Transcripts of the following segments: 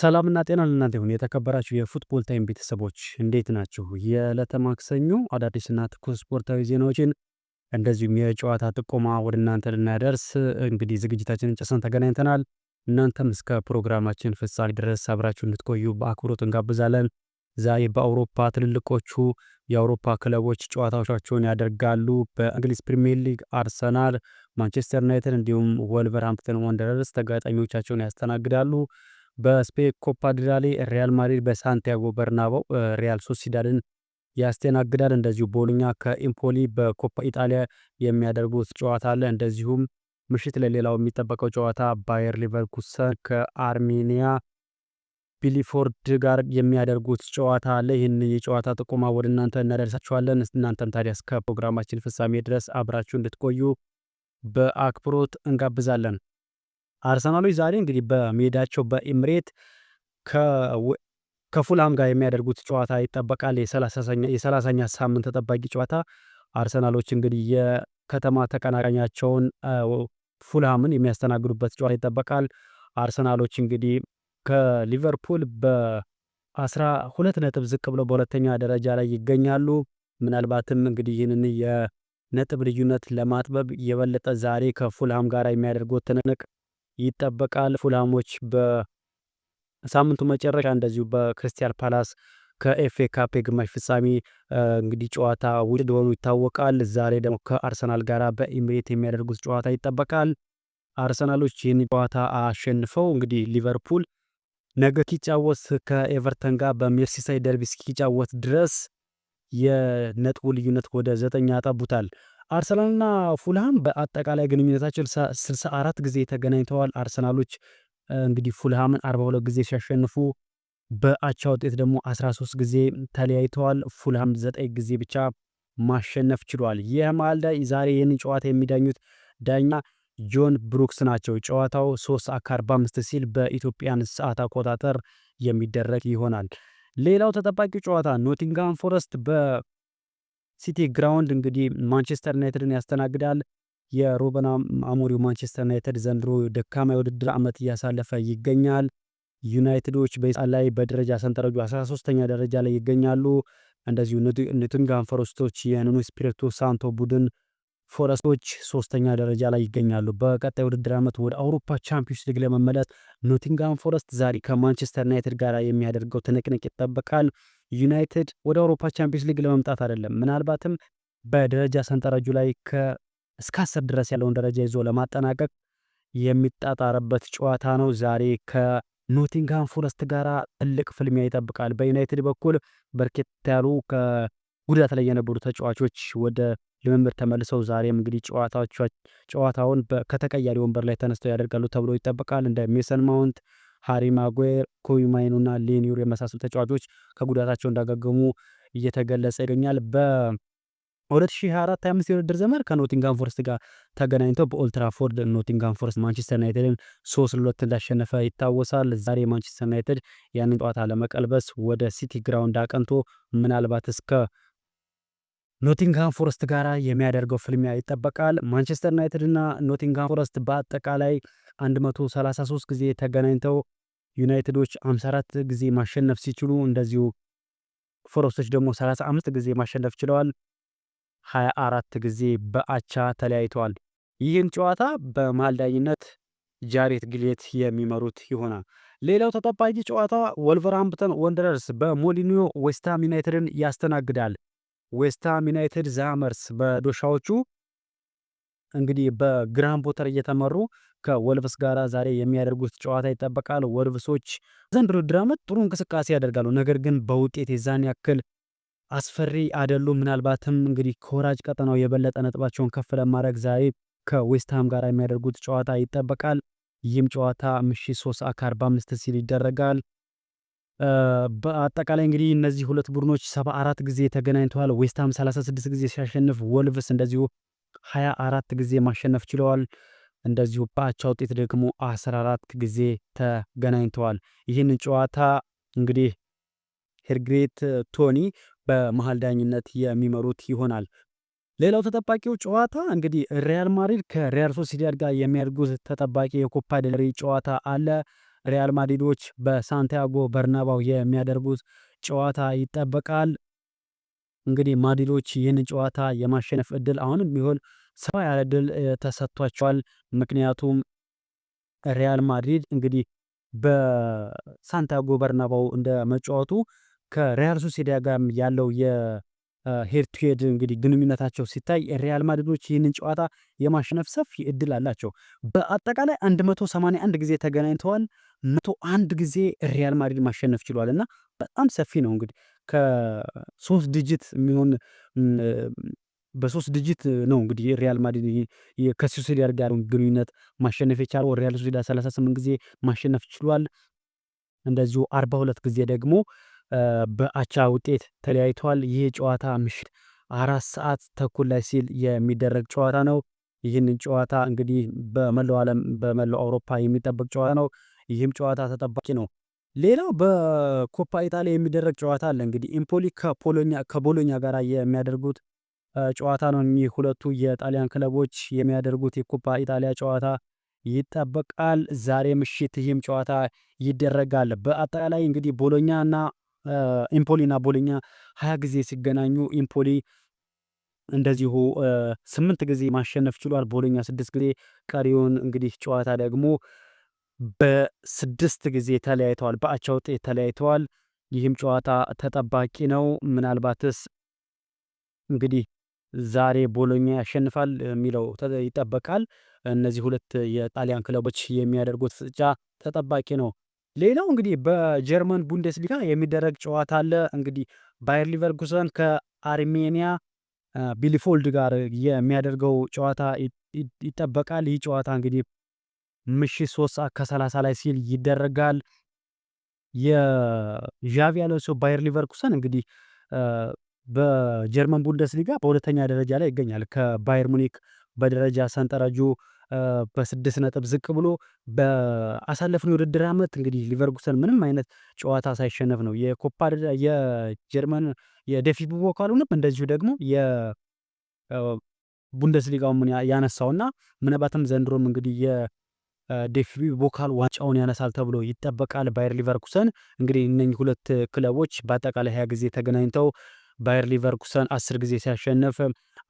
ሰላምና ጤና ለእናንተ ይሁን። የተከበራችሁ የፉትቦል ታይም ቤተሰቦች እንዴት ናችሁ? የዕለተ ማክሰኞ አዳዲስና ትኩስ ስፖርታዊ ዜናዎችን እንደዚሁም የጨዋታ ጥቆማ ወደ እናንተ ልናደርስ እንግዲህ ዝግጅታችንን ጨሰን ተገናኝተናል። እናንተም እስከ ፕሮግራማችን ፍጻሜ ድረስ አብራችሁ እንድትቆዩ በአክብሮት እንጋብዛለን። ዛሬ በአውሮፓ ትልልቆቹ የአውሮፓ ክለቦች ጨዋታዎቻቸውን ያደርጋሉ። በእንግሊዝ ፕሪምየር ሊግ አርሰናል፣ ማንቸስተር ዩናይትድ እንዲሁም ወልቨርሃምፕተን ዋንደረርስ ተጋጣሚዎቻቸውን ያስተናግዳሉ። በስፔን ኮፓ ዲራሌ ሪያል ማድሪድ በሳንቲያጎ በርናባው ሪያል ሶሲዳድን ያስተናግዳል። እንደዚሁ ቦሎኛ ከኢምፖሊ በኮፓ ኢጣሊያ የሚያደርጉት ጨዋታ አለ። እንደዚሁም ምሽት ለሌላው የሚጠበቀው ጨዋታ ባየር ሊቨርኩሰን ከአርሜኒያ ቢሊፎርድ ጋር የሚያደርጉት ጨዋታ አለ። ይህን የጨዋታ ጥቆማ ወደ እናንተ እናደርሳችኋለን። እናንተም ታዲያ እስከ ፕሮግራማችን ፍጻሜ ድረስ አብራችሁ እንድትቆዩ በአክብሮት እንጋብዛለን። አርሰናሎች ዛሬ እንግዲህ በሜዳቸው በኢምሬት ከፉልሃም ጋር የሚያደርጉት ጨዋታ ይጠበቃል። የሰላሳኛ ሳምንት ተጠባቂ ጨዋታ አርሰናሎች እንግዲህ የከተማ ተቀናቃኛቸውን ፉልሃምን የሚያስተናግዱበት ጨዋታ ይጠበቃል። አርሰናሎች እንግዲህ ከሊቨርፑል በአስራ ሁለት ነጥብ ዝቅ ብለው በሁለተኛ ደረጃ ላይ ይገኛሉ። ምናልባትም እንግዲህ ይህንን የነጥብ ልዩነት ለማጥበብ የበለጠ ዛሬ ከፉልሃም ጋር የሚያደርጉት ትንቅንቅ ይጠበቃል። ፉላሞች በሳምንቱ መጨረሻ እንደዚሁ በክርስቲያን ፓላስ ከኤፍኤ ካፕ የግማሽ ፍጻሜ እንግዲህ ጨዋታ ውጭ እንደሆኑ ይታወቃል። ዛሬ ደግሞ ከአርሰናል ጋር በኢሚሬት የሚያደርጉት ጨዋታ ይጠበቃል። አርሰናሎች ይህን ጨዋታ አሸንፈው እንግዲህ ሊቨርፑል ነገ ኪጫወት ከኤቨርተን ጋር በሜርሲሳይ ደርቢ እስኪጫወት ድረስ የነጥቡ ልዩነት ወደ ዘጠኝ ያጠቡታል። አርሰናልና ፉልሃም በአጠቃላይ ግንኙነታቸው ስልሳ ጊዜ ተገናኝተዋል። አርሰናሎች እንግዲህ ፉልሃምን አርባ ሁለት ጊዜ ሲያሸንፉ በአቻ ውጤት ደግሞ 13 ጊዜ ተለያይተዋል። ፉልሃም ዘጠኝ ጊዜ ብቻ ማሸነፍ ችሏል። ይህ ማልዳ ዛሬ ይህን ጨዋታ የሚዳኙት ዳኛ ጆን ብሩክስ ናቸው። ጨዋታው 3 ሰዓት ከ45 ሲል በኢትዮጵያን ሰዓት አቆጣጠር የሚደረግ ይሆናል። ሌላው ተጠባቂ ጨዋታ ኖቲንግሃም ፎረስት በ ሲቲ ግራውንድ እንግዲህ ማንቸስተር ዩናይትድን ያስተናግዳል። የሩበን አሞሪው ማንቸስተር ዩናይትድ ዘንድሮ ደካማ የውድድር ዓመት እያሳለፈ ይገኛል። ዩናይትዶች ላይ በደረጃ ሰንጠረጁ 13ተኛ ደረጃ ላይ ይገኛሉ። እንደዚሁ ኖቲንግሃም ፎረስቶች የኑኖ ስፒሪቶ ሳንቶ ቡድን ፎረስቶች ሶስተኛ ደረጃ ላይ ይገኛሉ። በቀጣይ ውድድር ዓመት ወደ አውሮፓ ቻምፒዮንስ ሊግ ለመመለስ ኖቲንግሃም ፎረስት ዛሬ ከማንቸስተር ዩናይትድ ጋር የሚያደርገው ትንቅንቅ ይጠበቃል። ዩናይትድ ወደ አውሮፓ ቻምፒዮንስ ሊግ ለመምጣት አይደለም፣ ምናልባትም በደረጃ ሰንጠረጁ ላይ እስከ አስር ድረስ ያለውን ደረጃ ይዞ ለማጠናቀቅ የሚጣጣርበት ጨዋታ ነው። ዛሬ ከኖቲንግሃም ፎረስት ጋር ትልቅ ፍልሚያ ይጠብቃል። በዩናይትድ በኩል በርከት ያሉ ከጉዳት ላይ የነበሩ ተጫዋቾች ወደ ልምምድ ተመልሰው ዛሬም እንግዲህ ጨዋታውን ከተቀያሪ ወንበር ላይ ተነስተው ያደርጋሉ ተብሎ ይጠበቃል። እንደ ሜሰን ማውንት ሃሪ ማጉዌር፣ ኮቢ ማይኑ እና የመሳሰሉ ተጫዋቾች ከጉዳታቸው እንዳገገሙ እየተገለጸ ይገኛል። በ2024/25 የውድድር ዘመን ከኖቲንጋም ፎረስት ጋር ተገናኝተው በኦልትራፎርድ ኖቲንጋም ፎረስት ማንቸስተር ዩናይትድን ሶስት ለሁለት እንዳሸነፈ ይታወሳል። ዛሬ ማንቸስተር ዩናይትድ ያንን ጨዋታ ለመቀልበስ ወደ ሲቲ ግራውንድ አቀንቶ ምናልባት እስከ ኖቲንግሃም ፎረስት ጋር የሚያደርገው ፍልሚያ ይጠበቃል። ማንቸስተር ዩናይትድ እና ኖቲንግሃም ፎረስት በአጠቃላይ 133 ጊዜ ተገናኝተው ዩናይትዶች 54 ጊዜ ማሸነፍ ሲችሉ እንደዚሁ ፎረስቶች ደግሞ 35 ጊዜ ማሸነፍ ችለዋል። 24 ጊዜ በአቻ ተለያይተዋል። ይህን ጨዋታ በመሃል ዳኝነት ጃሬት ግሌት የሚመሩት ይሆናል። ሌላው ተጠባቂ ጨዋታ ወልቨርሃምፕተን ወንደረርስ በሞሊኒዮ ዌስትሃም ዩናይትድን ያስተናግዳል። ዌስትሃም ዩናይትድ ዛመርስ በዶሻዎቹ እንግዲህ በግራን ፖተር እየተመሩ ከወልቭስ ጋር ዛሬ የሚያደርጉት ጨዋታ ይጠበቃል። ወልቭሶች ዘንድሮ ድራመት ጥሩ እንቅስቃሴ ያደርጋሉ፣ ነገር ግን በውጤት የዛን ያክል አስፈሪ አይደሉም። ምናልባትም እንግዲህ ከወራጅ ቀጠናው የበለጠ ነጥባቸውን ከፍ ለማድረግ ዛሬ ከዌስትሃም ጋር የሚያደርጉት ጨዋታ ይጠበቃል። ይህም ጨዋታ ምሽት 3 ሰዓት 45 ሲል ይደረጋል። በአጠቃላይ እንግዲህ እነዚህ ሁለት ቡድኖች 74 ጊዜ ተገናኝተዋል። ዌስትሃም 36 ጊዜ ሲያሸንፍ፣ ወልቭስ እንደዚሁ 24 ጊዜ ማሸነፍ ችለዋል። እንደዚሁ በአቻ ውጤት ደግሞ 14 ጊዜ ተገናኝተዋል። ይህን ጨዋታ እንግዲህ ሄርግሬት ቶኒ በመሀል ዳኝነት የሚመሩት ይሆናል። ሌላው ተጠባቂው ጨዋታ እንግዲህ ሪያል ማድሪድ ከሪያል ሶሲዳድ ጋር የሚያደርጉት ተጠባቂ የኮፓ ደልሬ ጨዋታ አለ። ሪያል ማድሪዶች በሳንቲያጎ በርናባው የሚያደርጉት ጨዋታ ይጠበቃል። እንግዲህ ማድሪዶች ይህንን ጨዋታ የማሸነፍ እድል አሁንም ቢሆን ሰፋ ያለ ድል ተሰጥቷቸዋል። ምክንያቱም ሪያል ማድሪድ እንግዲህ በሳንቲያጎ በርናባው እንደ መጫወቱ ከሪያል ሶሲዳ ጋር ያለው የሄድ ቱ ሄድ እንግዲህ ግንኙነታቸው ሲታይ ሪያል ማድሪዶች ይህንን ጨዋታ የማሸነፍ ሰፊ እድል አላቸው። በአጠቃላይ 181 ጊዜ ተገናኝተዋል። 101 ጊዜ ሪያል ማድሪድ ማሸነፍ ችሏል እና በጣም ሰፊ ነው እንግዲህ ከሶስት ዲጂት የሚሆን በሶስት ድጅት ነው እንግዲህ ሪያል ማድሪድ ከሱሲዳር ጋር ግንኙነት ማሸነፍ የቻለው ሪያል ሱሲዳር 38 ጊዜ ማሸነፍ ችሏል። እንደዚሁ 42 ጊዜ ደግሞ በአቻ ውጤት ተለያይተዋል። ይህ ጨዋታ ምሽት አራት ሰዓት ተኩል ላይ ሲል የሚደረግ ጨዋታ ነው። ይህንን ጨዋታ እንግዲህ በመላው ዓለም በመላው አውሮፓ የሚጠበቅ ጨዋታ ነው። ይህም ጨዋታ ተጠባቂ ነው። ሌላው በኮፓ ኢጣሊያ የሚደረግ ጨዋታ አለ። እንግዲህ ኢምፖሊ ከቦሎኛ ጋር የሚያደርጉት ጨዋታ ነው። እኚህ ሁለቱ የጣሊያን ክለቦች የሚያደርጉት የኩፓ ኢጣሊያ ጨዋታ ይጠበቃል። ዛሬ ምሽት ይህም ጨዋታ ይደረጋል። በአጠቃላይ እንግዲህ ቦሎኛ እና ኢምፖሊ ቦሎኛ ሀያ ጊዜ ሲገናኙ ኢምፖሊ እንደዚሁ ስምንት ጊዜ ማሸነፍ ችሏል። ቦሎኛ ስድስት ጊዜ ቀሪውን እንግዲህ ጨዋታ ደግሞ በስድስት ጊዜ ተለያይተዋል፣ በአቻ ውጤት ተለያይተዋል። ይህም ጨዋታ ተጠባቂ ነው። ምናልባትስ እንግዲህ ዛሬ ቦሎኛ ያሸንፋል የሚለው ይጠበቃል። እነዚህ ሁለት የጣሊያን ክለቦች የሚያደርጉት ፍጥጫ ተጠባቂ ነው። ሌላው እንግዲህ በጀርመን ቡንደስሊጋ የሚደረግ ጨዋታ አለ። እንግዲህ ባየር ሊቨርኩሰን ከአርሜኒያ ቢሊፎልድ ጋር የሚያደርገው ጨዋታ ይጠበቃል። ይህ ጨዋታ እንግዲህ ምሽት ሶስት ሰዓት ከሰላሳ ላይ ሲል ይደረጋል። የዣቪ አሎንሶ ባየር ሊቨርኩሰን እንግዲህ በጀርመን ቡንደስሊጋ በሁለተኛ ደረጃ ላይ ይገኛል። ከባየር ሙኒክ በደረጃ ሰንጠረጁ በስድስት ነጥብ ዝቅ ብሎ በአሳለፍነው የውድድር ዓመት እንግዲህ ሊቨርኩሰን ምንም አይነት ጨዋታ ሳይሸነፍ ነው የኮፓ የጀርመን የደፊት ቡቦካሉንም እንደዚሁ ደግሞ የቡንደስሊጋውን ያነሳውና ምናልባትም ዘንድሮም እንግዲህ ዴፊ ቦካል ዋንጫውን ያነሳል ተብሎ ይጠበቃል። ባየር ሊቨርኩሰን እንግዲህ እነኚህ ሁለት ክለቦች በአጠቃላይ ሀያ ጊዜ ተገናኝተው ባየር ሊቨርኩሰን አስር ጊዜ ሲያሸንፍ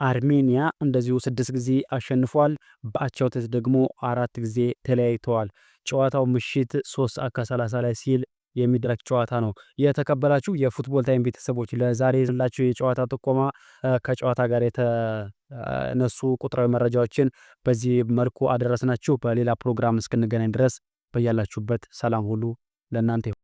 አርሜኒያ እንደዚሁ ስድስት ጊዜ አሸንፏል። በአቻ ውጤት ደግሞ አራት ጊዜ ተለያይተዋል። ጨዋታው ምሽት ሶስት ሰዓት ከሰላሳ ላይ ሲል የሚደረግ ጨዋታ ነው። የተከበላችሁ የፉትቦል ታይም ቤተሰቦች ለዛሬ ይዘንላችሁ የጨዋታ ጥቆማ ከጨዋታ ጋር የተነሱ ቁጥራዊ መረጃዎችን በዚህ መልኩ አደረስናችሁ። በሌላ ፕሮግራም እስክንገናኝ ድረስ በያላችሁበት ሰላም ሁሉ ለእናንተ